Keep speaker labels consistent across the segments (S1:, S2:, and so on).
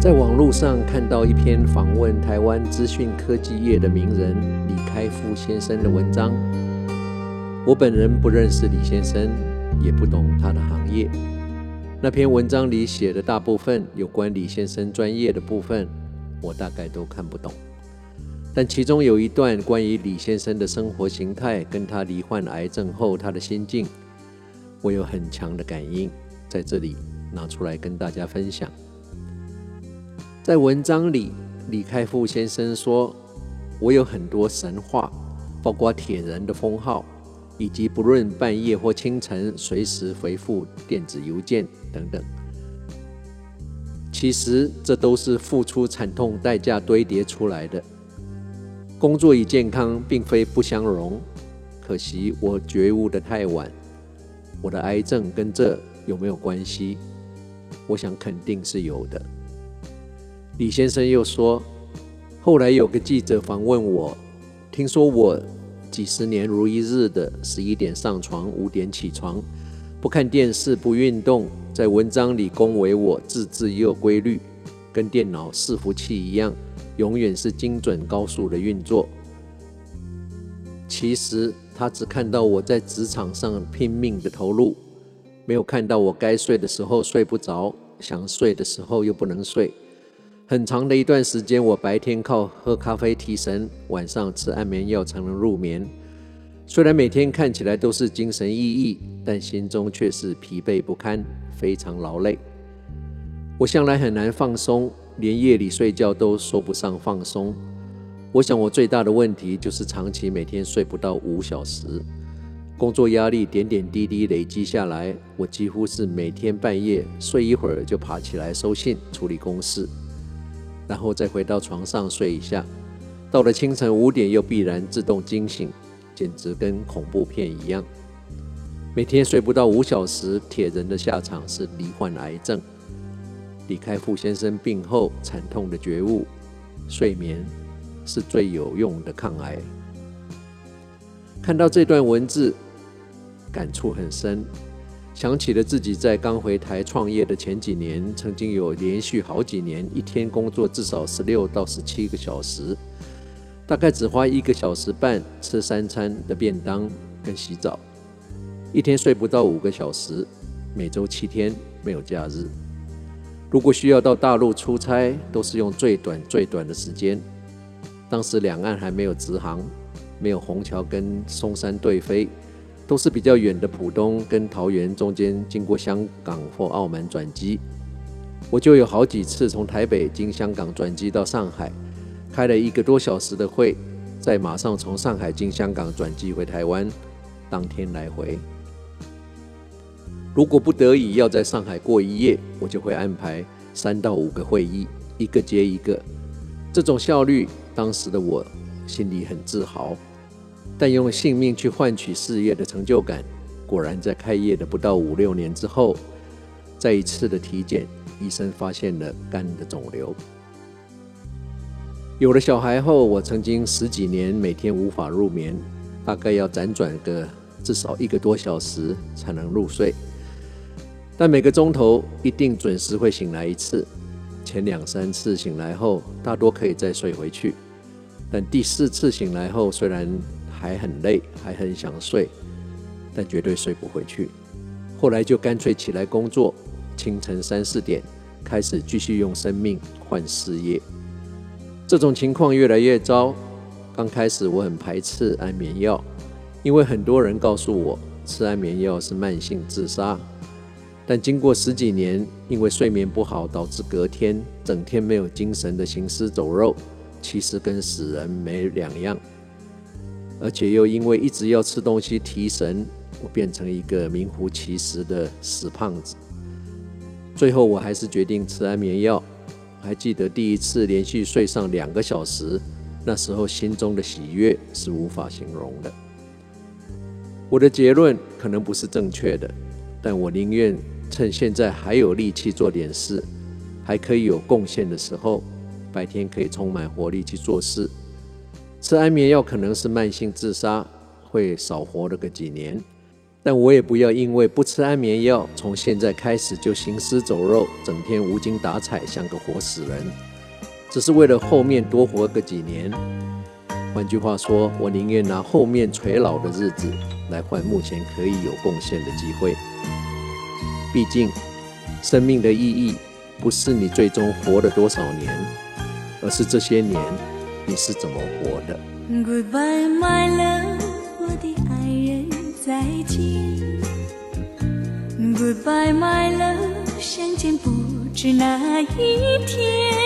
S1: 在網路上看到一篇訪問台灣資訊科技業的名人李開復先生的文章，我本人不認識李先生，也不懂他的行業。那篇文章裡寫的大部分有關李先生專業的部分，我大概都看不懂。但其中有一段關於李先生的生活形態，跟他罹患癌症後他的心境，我有很強的感應，在這裡拿出來跟大家分享。在文章裡，李開復先生說：“我有很多神話，包括鐵人的封號。”以及不論半夜或清晨，隨時回復電子郵件等等。其實這都是付出慘痛代價堆疊出來的。工作與健康並非不相容，可惜我覺悟得太晚。我的癌症跟這有沒有關係？我想肯定是有的。李先生又說，後來有個記者訪問我，聽說我，幾十年如一日的十一點上床，五點起床，不看電視，不運動，在文章裡恭維我，自制也有規律，跟電腦伺服器一樣，永遠是精準高速的運作。其實他只看到我在職場上拼命的投入，沒有看到我該睡的時候睡不着，想睡的時候又不能睡。很長的一段時間，我白天靠喝咖啡提神，晚上吃安眠藥才能入眠。雖然每天看起來都是精神奕奕，但心中卻是疲憊不堪，非常勞累。我向來很難放鬆，連夜裡睡覺都說不上放鬆。我想，我最大的問題就是長期每天睡不到五小時，工作壓力點點滴滴累積下來，我幾乎是每天半夜睡一會兒就爬起來收信、處理公事。然後再回到床上睡一下，到了清晨五點又必然自動驚醒，簡直跟恐怖片一樣。每天睡不到五小時，鐵人的下場是罹患癌症。李開復先生病後慘痛的覺悟：睡眠是最有用的抗癌。看到這段文字，感觸很深。想起了自己在剛回台創業的前幾年，曾經有連續好幾年，一天工作至少十六到十七個小時，大概只花一個小時半吃三餐的便當跟洗澡，一天睡不到五個小時，每週七天沒有假日。如果需要到大陸出差，都是用最短最短的時間。當時兩岸還沒有直航，沒有虹橋跟松山對飛。都是比較遠的，浦東跟桃園中間經過香港或澳門轉機，我就有好幾次從台北經香港轉機到上海，開了一個多小時的會，再馬上從上海經香港轉機回台灣，當天來回。如果不得已要在上海過一夜，我就會安排三到五個會議，一個接一個，這種效率，當時的我心裡很自豪。但用性命去換取事業的成就感，果然在開業的不到五六年之後，再一次的體檢，醫生發現了肝的腫瘤。有了小孩後，我曾經十幾年每天無法入眠，大概要輾轉個至少一個多小時才能入睡。但每個鐘頭一定準時會醒來一次，前兩三次醒來後大多可以再睡回去，但第四次醒來後雖然，還很累，還很想睡，但絕對睡不回去。後來就乾脆起來工作，清晨三四點開始繼續用生命換事業。這種情況越來越糟。剛開始我很排斥安眠藥，因為很多人告訴我吃安眠藥是慢性自殺。但經過十幾年，因為睡眠不好導致隔天整天沒有精神的行屍走肉，其實跟死人沒兩樣。而且又因為一直要吃東西提神，我變成一個名副其實的死胖子。最後，我還是決定吃安眠藥。還記得第一次連續睡上兩個小時，那時候心中的喜悅是無法形容的。我的結論可能不是正確的，但我寧願趁現在還有力氣做點事，還可以有貢獻的時候，白天可以充滿活力去做事。吃安眠藥可能是慢性自殺，會少活了個幾年，但我也不要因為不吃安眠藥，從現在開始就行屍走肉，整天無精打采，像個活死人。只是為了後面多活個幾年。換句話說，我寧願拿後面垂老的日子來換目前可以有貢獻的機會。畢竟，生命的意義不是你最終活了多少年，而是這些年。你是怎麼活的
S2: ？Goodbye, my love, 我的愛人在，再見。Goodbye, my love, 相見不知哪一天。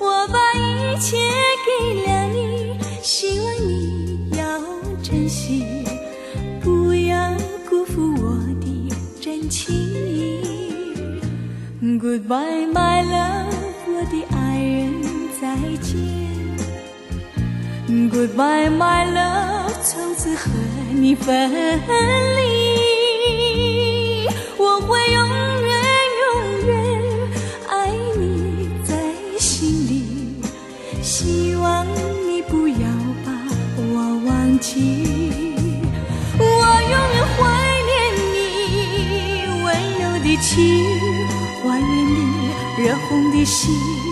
S2: 我把一切給了你，希望你要珍惜，不要辜負我的真情。Goodbye, my love. 再見，Goodbye my love，從此和你分離。我會永遠永遠愛你在心裡，希望你不要把我忘記。我永遠懷念你溫柔的情，懷念你熱紅的心。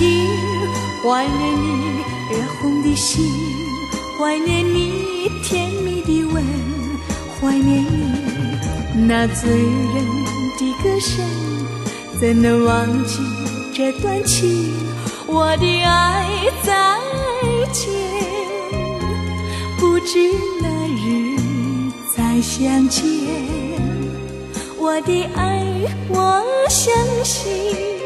S2: 心懷念你熱紅的心，懷念你甜蜜的吻，懷念你那醉人的歌聲，怎能忘記這段情？我的愛再見，不知哪日再相見。我的愛，我相信。